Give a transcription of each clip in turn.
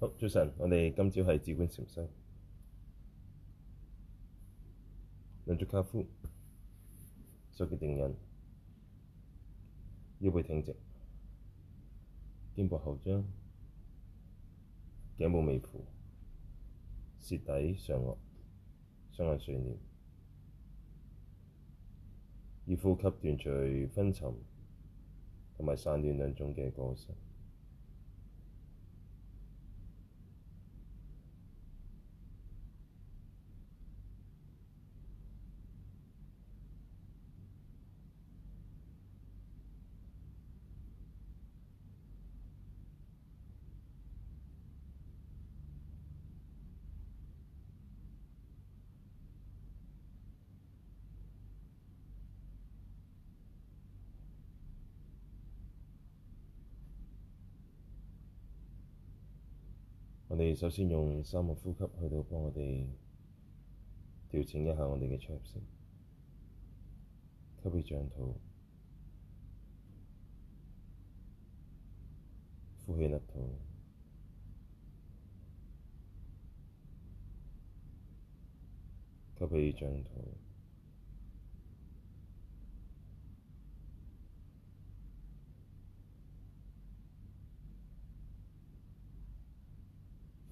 好，早晨，我哋今朝係止觀禪修，兩隻跏趺，手結定印，腰背挺直，肩膊後張，頸部微俯，舌抵上腭，雙眼垂簾，以呼吸斷除昏沉同埋散亂兩種嘅過程。我哋首先用三個呼吸去到幫我哋調整一下我哋嘅出入息，吸氣張圖，呼氣張圖，吸氣張圖。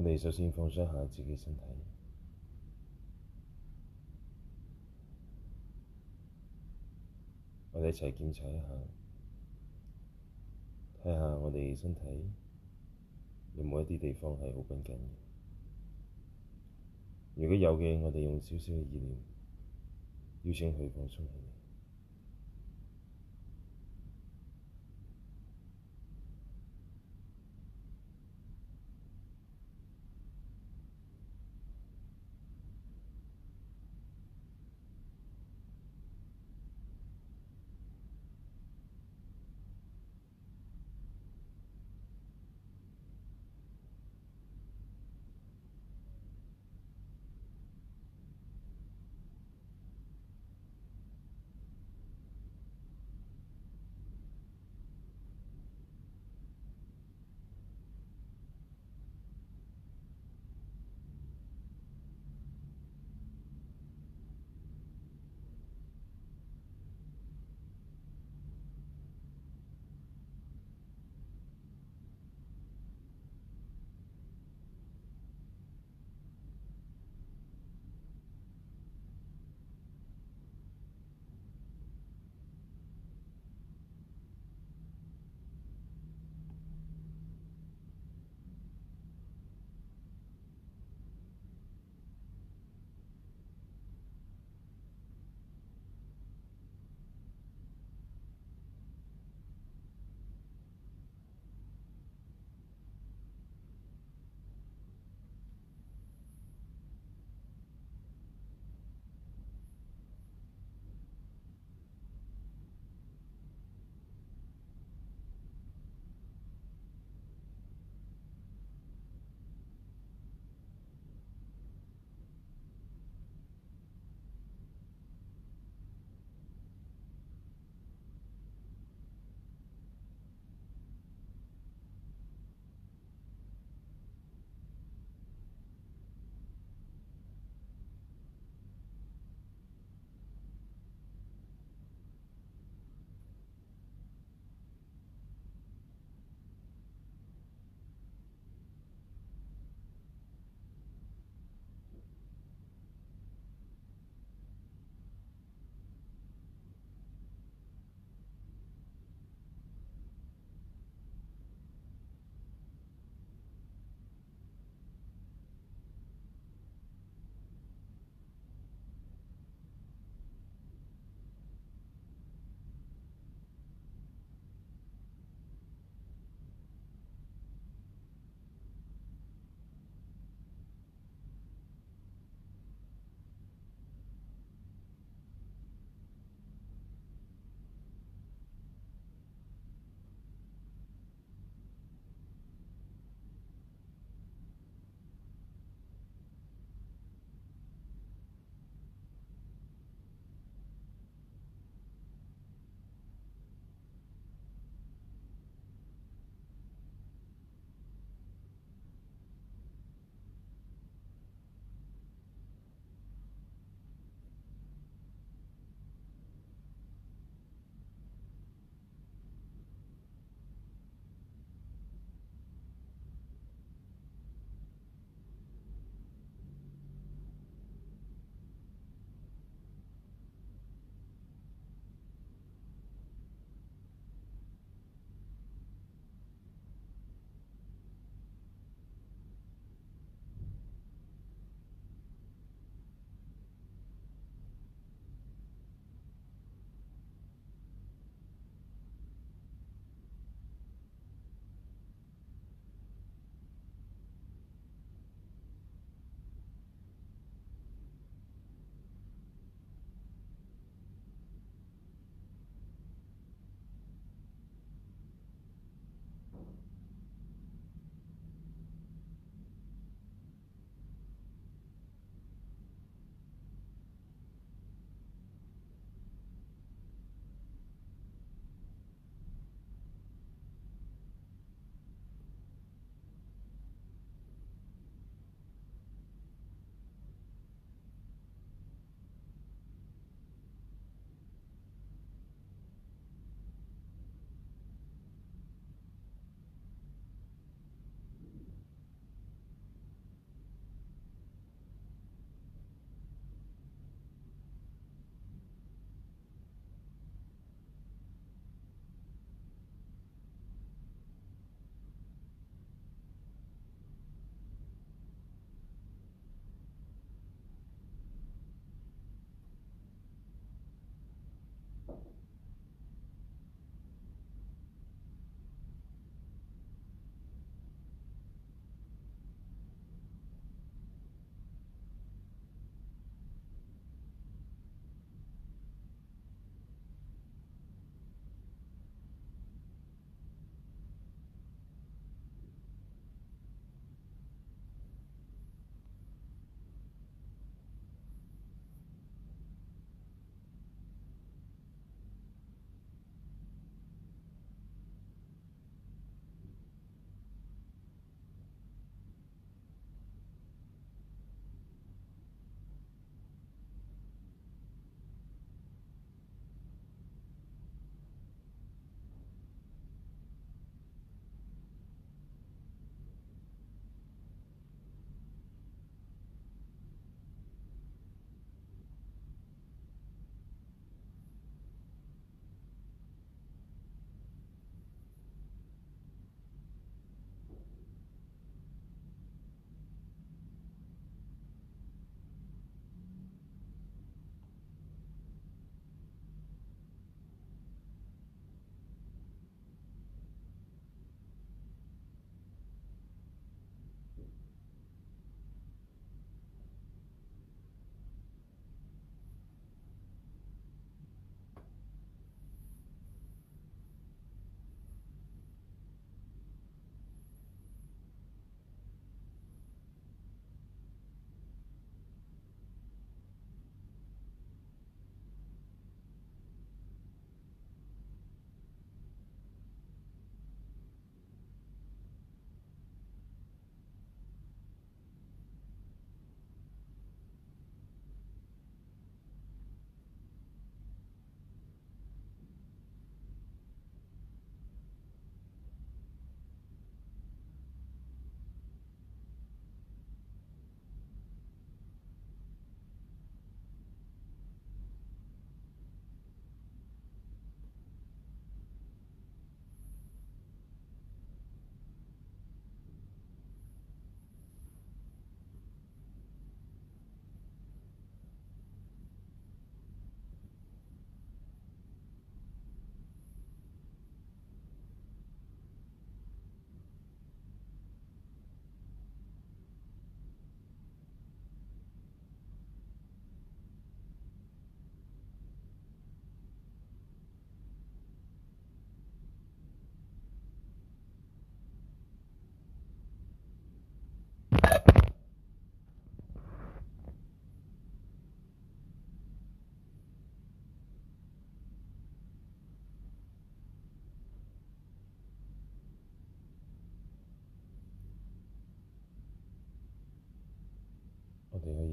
我哋首先放鬆下自己身體，我哋一齊檢查一下，睇下我哋身體有冇一啲地方係好緊要。如果有嘅，我哋用少少嘅意念邀請佢放鬆下。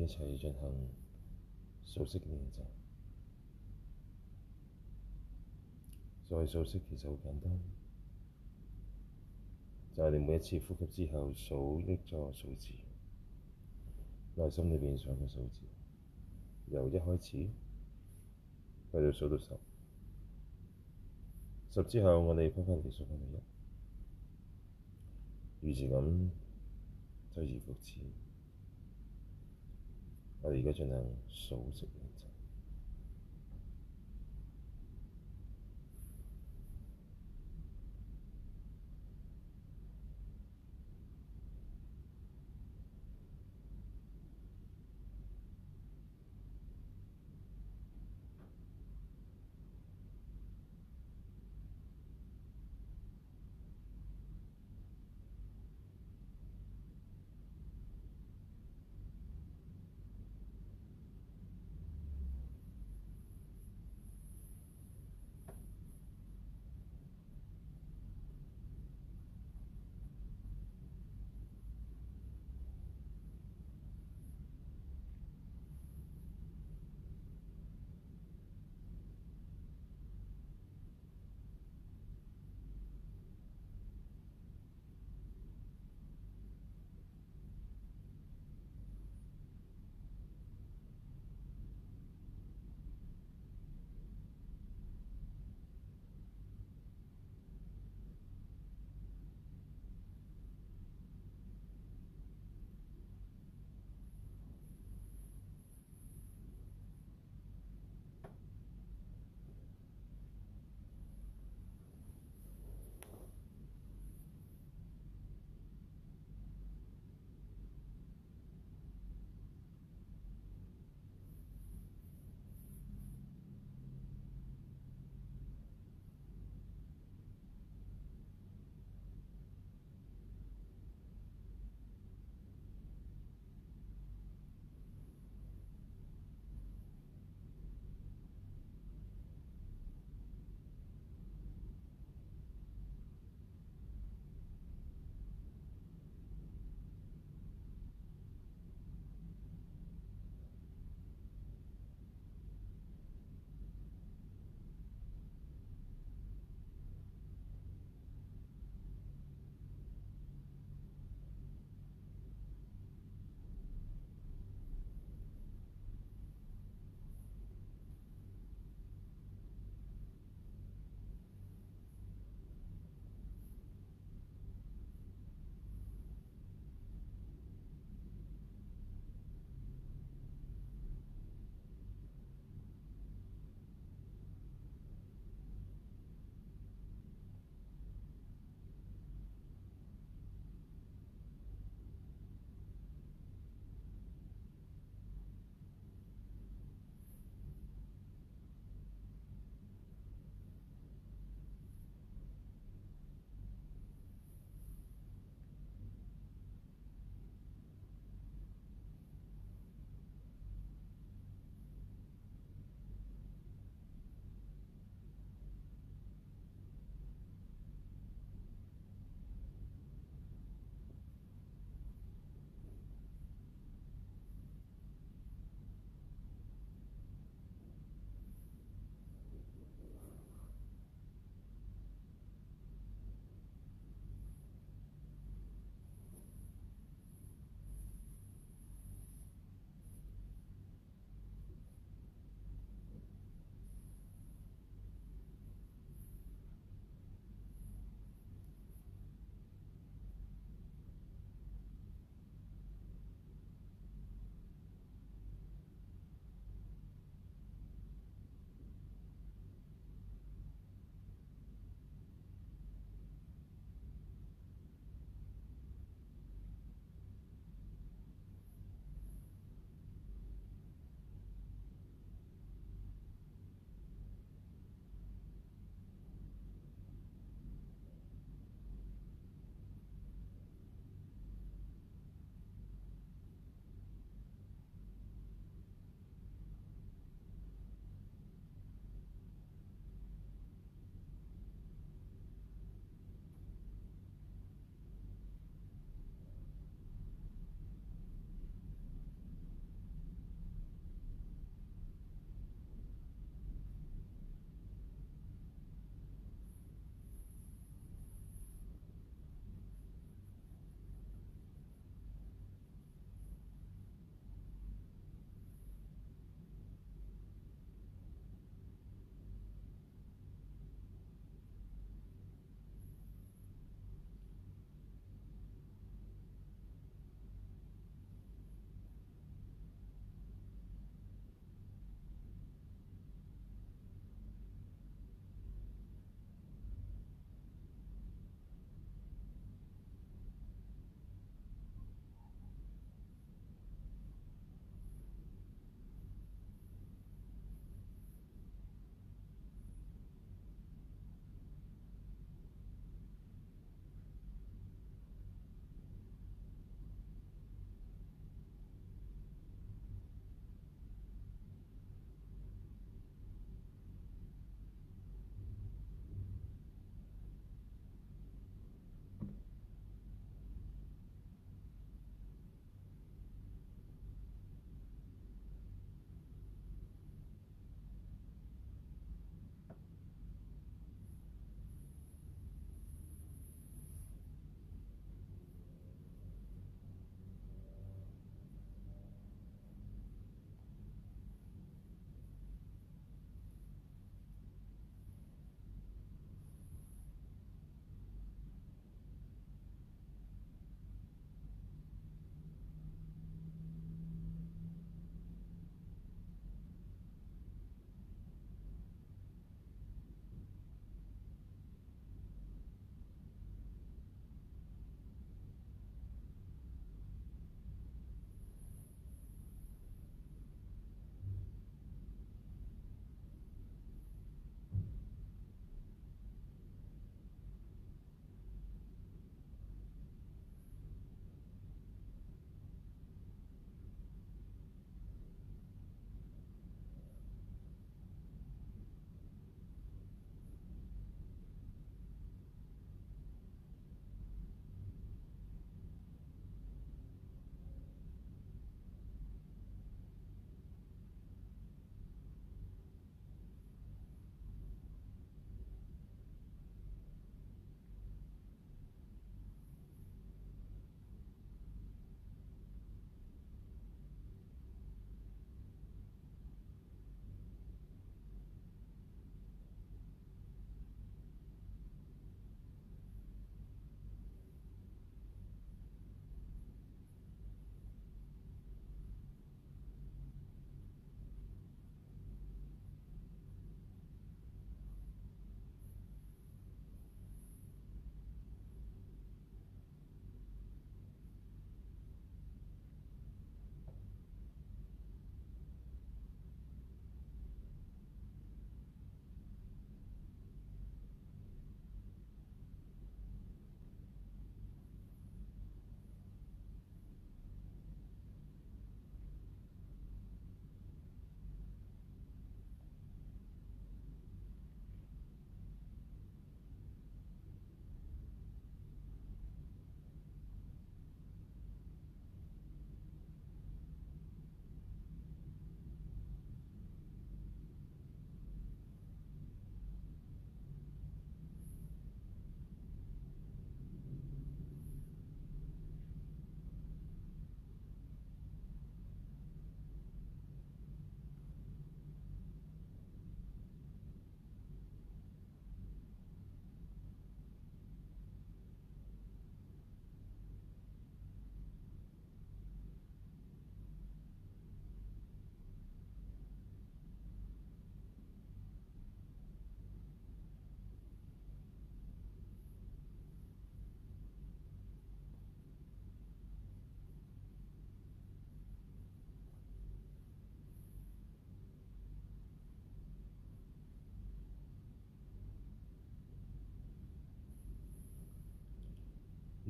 一齊進行數息練習。所謂數息其實好簡單，就係、是、你每一次呼吸之後數一個數字，內心裏面想嘅數字，由一開始去到數到十，十之後我哋返返嚟數翻你一，如是咁周而復始。還有、啊、一個就能收住。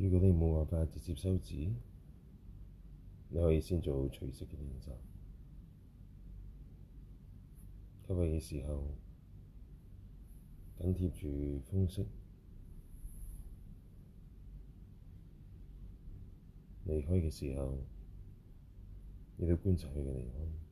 如果你冇辦法直接收止，你可以先做隨息嘅練習。吸氣嘅時候緊貼住風息，離開嘅時候都觀察佢嘅離開。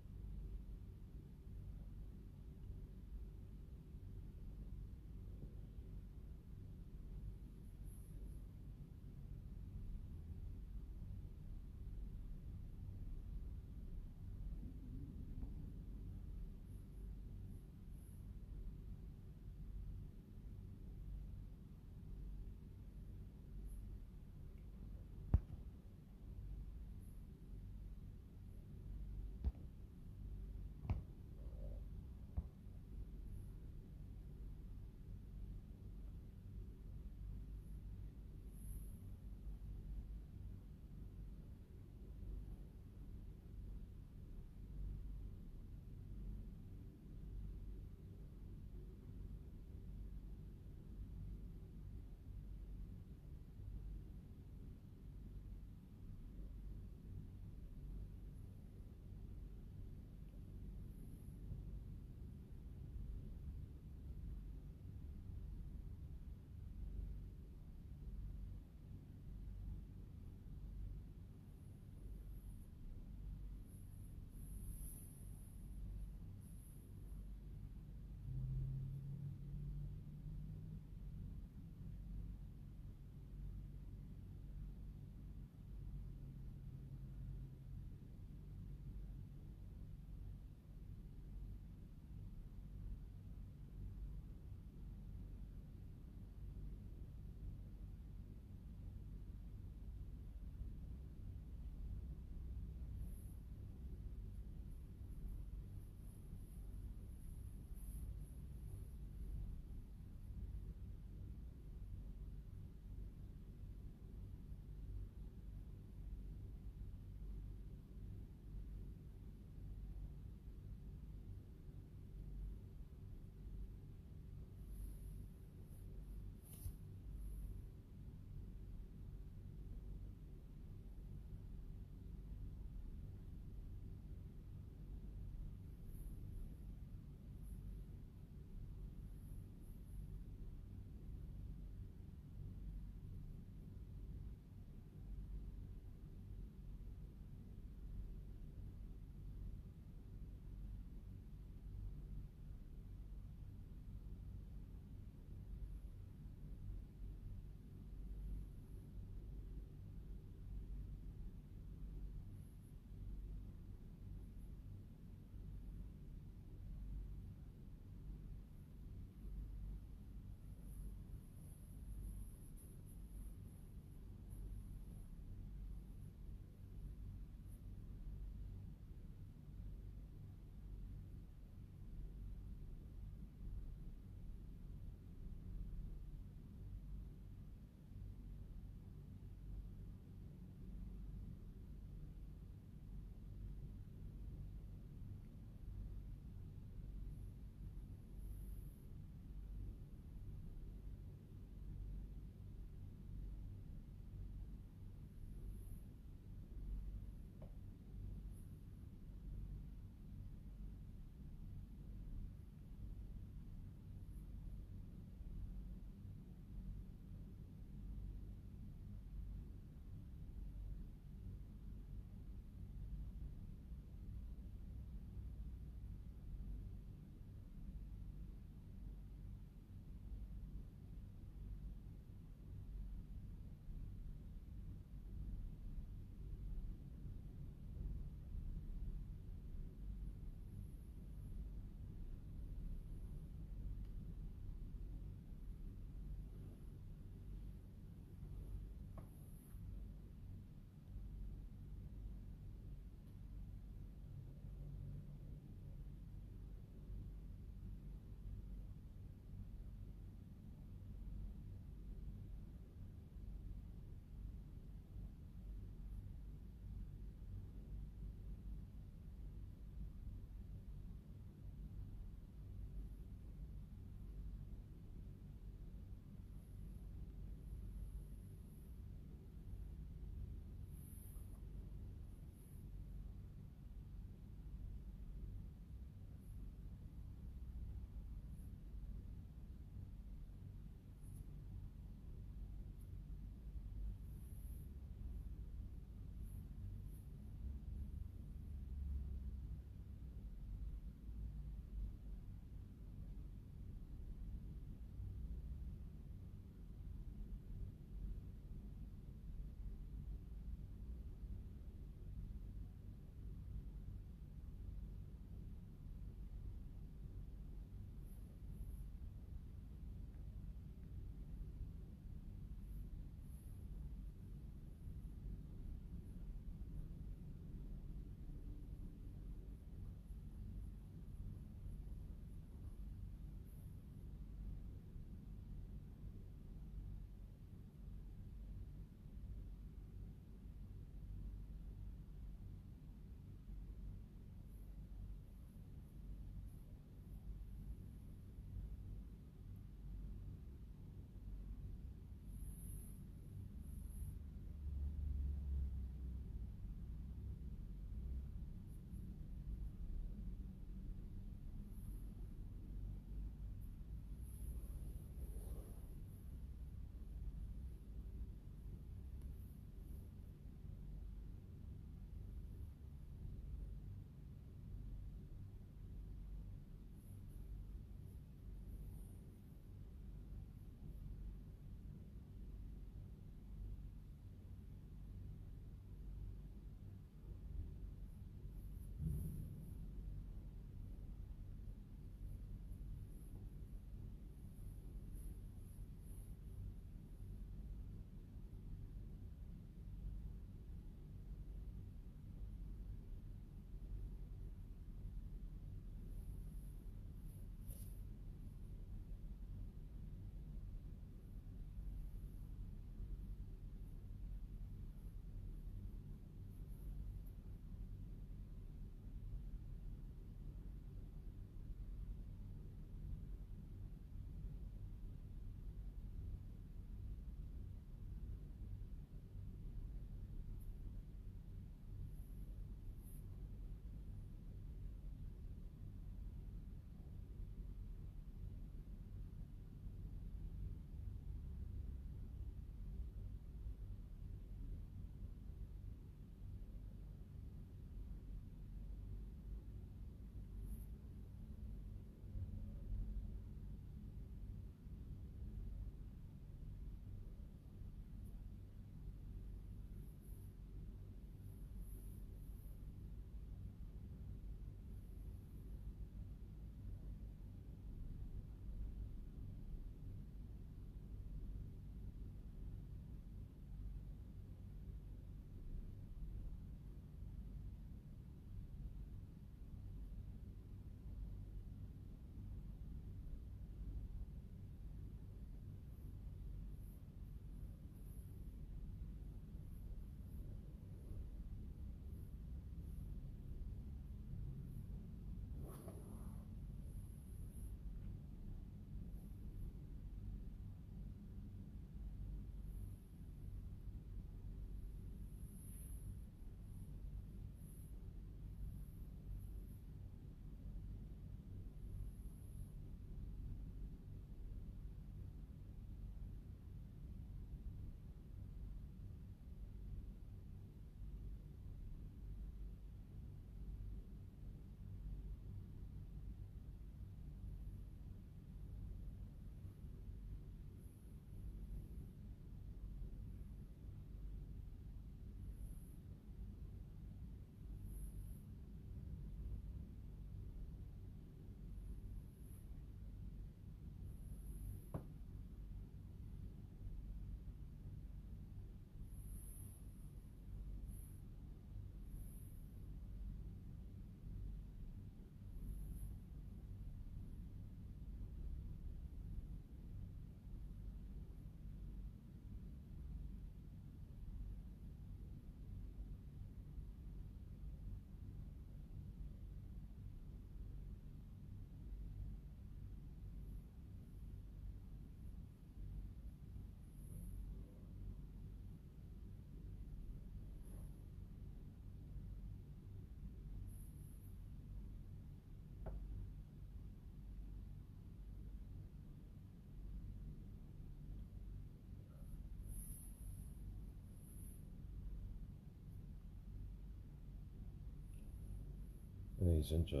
想像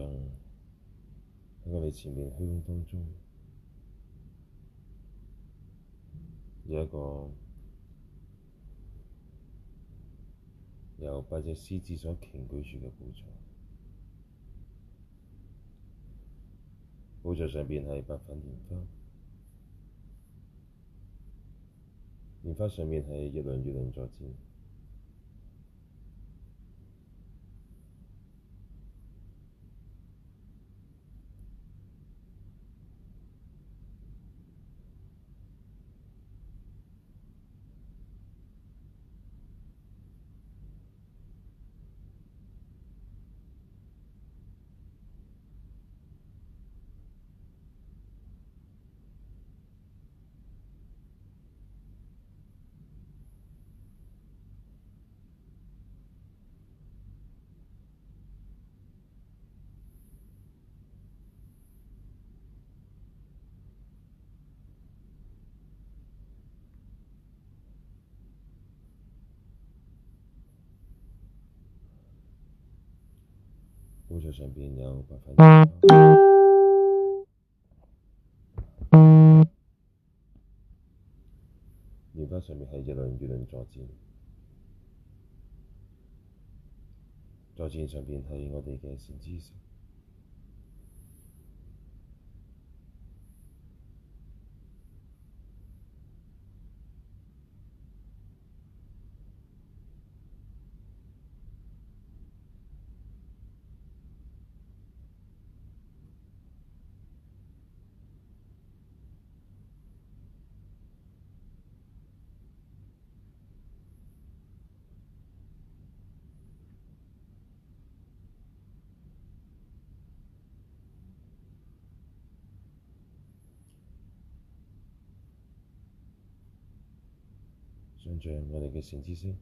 喺我哋前面虛空當中，有一個由八隻獅子所棲居住嘅寶座。寶座上面係白粉蓮花，蓮花上面係月亮月亮在前。上邊係馬卡巴，蓮花上面係日輪月輪作戰，作戰上邊係我哋嘅善知識。 想像我哋嘅善知識，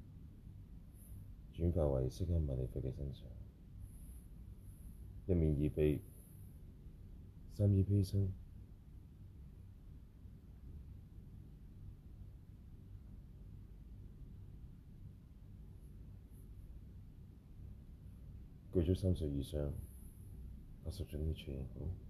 轉化為釋迦牟尼佛嘅身上，一面以被心意披身，具足三十二相，八十種好。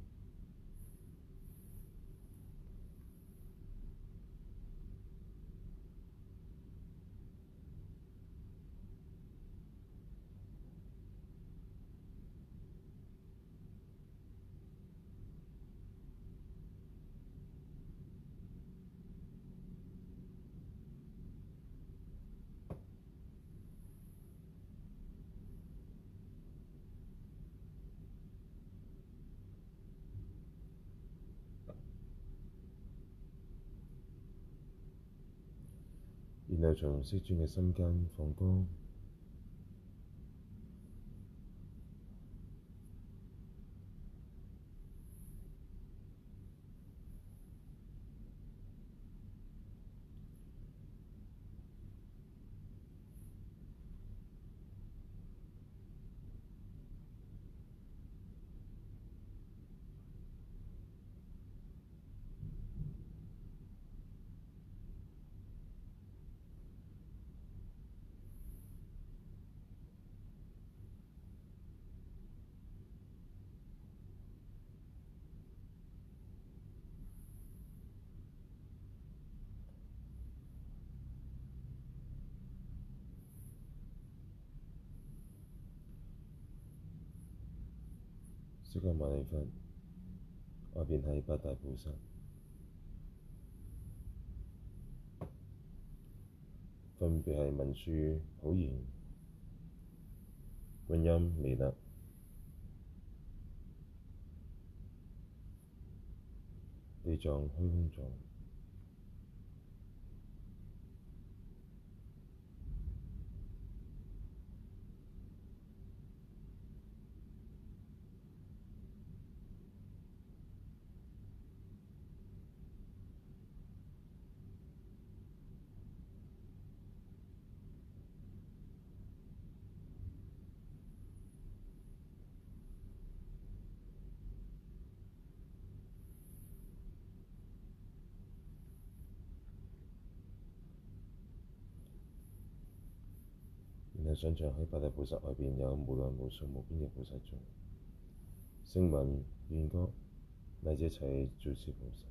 在藏紅絲嘅心間放光。釋迦牟尼佛，外邊係八大菩薩，分別係文殊、普賢、觀音、彌勒、地藏、虛空藏。想象喺八大菩薩外邊，有無量無數無邊嘅菩薩眾，聲聞、緣覺、乃至一切諸殊菩薩。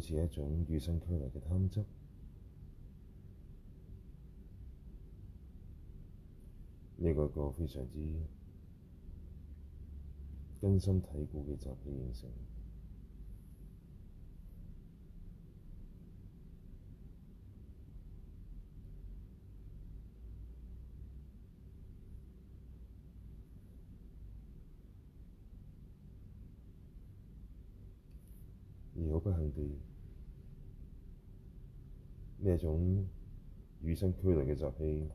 似係一種與生俱嚟嘅貪執，呢個個非常之根深蒂固嘅習氣形成，而好不幸地。呢種與生俱來嘅習氣。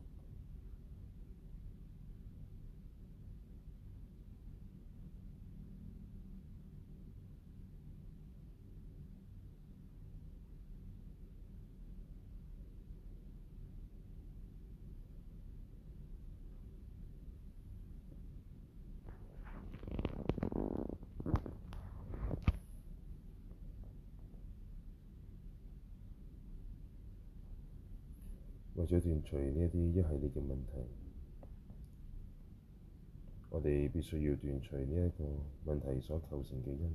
要斷除呢啲一系列嘅問題，我哋必須要斷除呢一個問題所構成嘅因，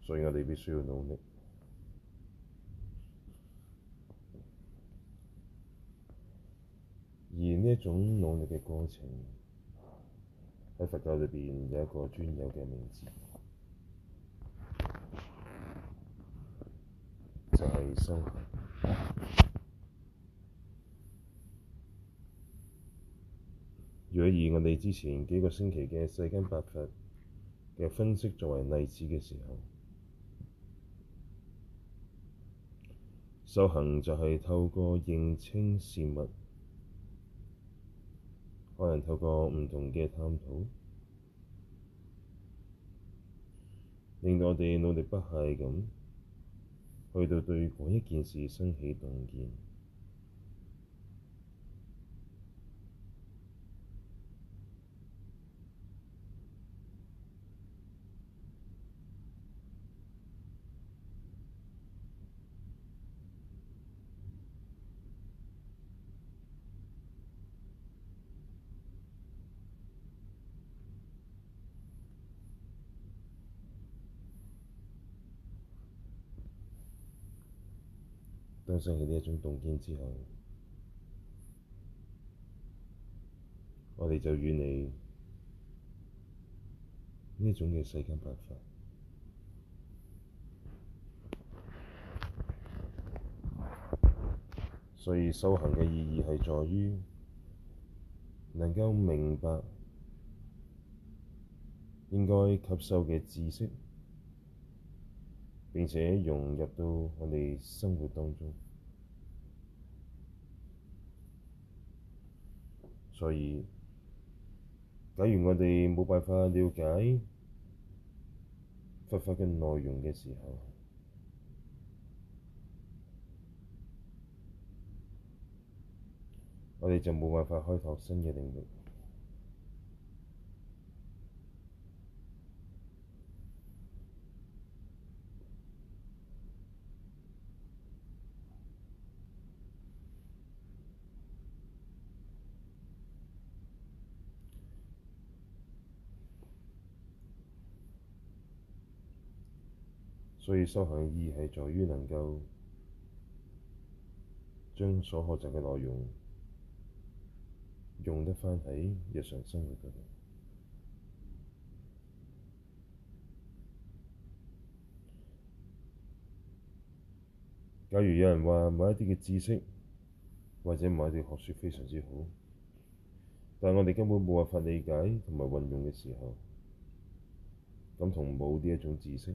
所以我哋必須要努力。而呢一種努力嘅過程，喺佛教裏邊有一個專有嘅名字。若以我哋之前幾個星期嘅《世間八法》嘅分析作為例子嘅時候，修行就係透過認清事物，可能透過唔同嘅探討，令到我哋努力不懈咁。去到對嗰一件事升起洞見。升起呢一種洞見之後，我哋就遠離呢一種嘅世間百法。所以修行嘅意義係在於能夠明白應該吸收嘅知識，並且融入到我哋生活當中。所以，假如我哋冇辦法了解佛法嘅內容嘅時候，我哋就冇辦法開拓新嘅領域。所以修行嘅意義係在於能夠將所學習嘅內容用得返喺日常生活度。假如有人話某一啲嘅知識或者某一啲學説非常之好，但我哋根本冇辦法理解同埋運用嘅時候，咁同冇呢一種知識。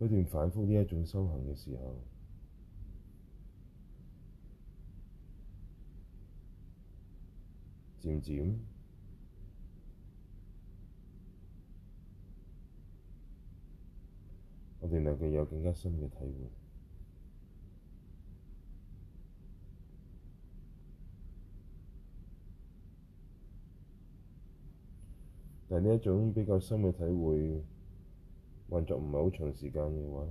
不斷反覆呢一種修行嘅時候，漸漸我哋能夠有更加深嘅體會。但呢一種比較深嘅體會。運作唔係好長時間嘅話。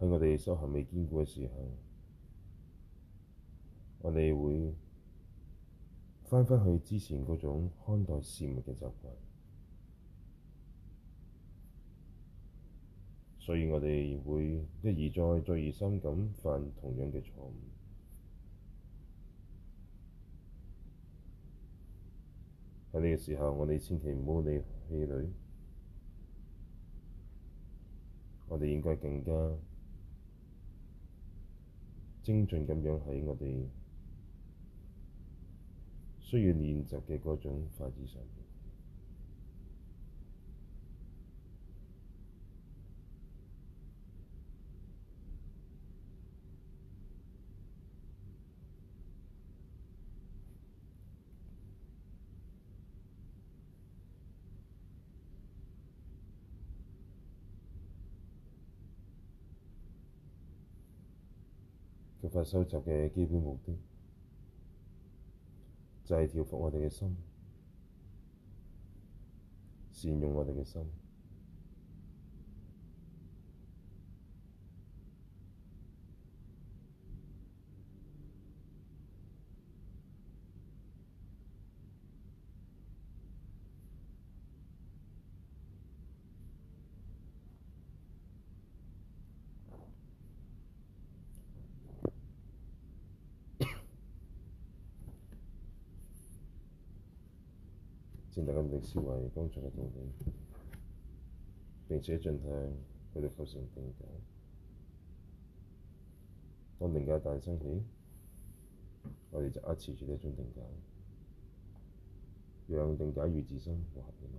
喺我哋修行未堅固嘅時候，我哋會翻返去之前嗰種看待事物嘅習慣，所以我哋會一而再、再而三咁犯同樣嘅錯誤。喺呢個時候，我哋千祈唔好理氣餒，我哋應該更加精進咁樣喺我哋需要練習嘅嗰種法子上。收集嘅基本目的，就係調伏我哋嘅心，善用我哋嘅心。視為工作嘅重點，並且盡量佢哋構成定價。當定價誕生起，我哋就一次處理一種定價，讓定價與自身符合啲嘛。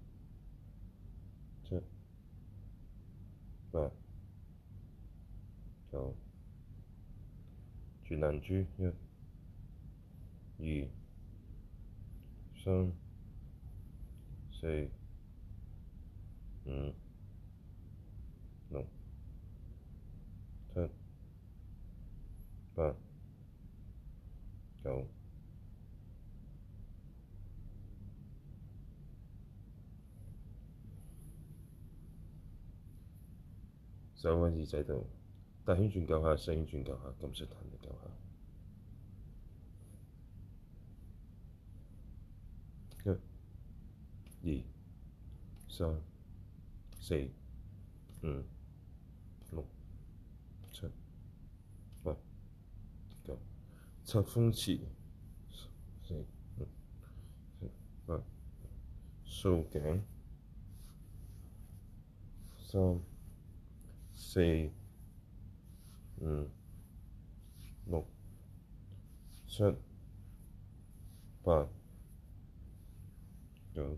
八、九、轉眼珠一、二、三、四、五、六、七、八、九。上位耳仔度，大圈轉九下，細圈轉九下，咁細彈嚟九下。一、二、三、四、五、六、七、八、九。七風池，四、五、六、數頸，三。四、五、六、七、八、九。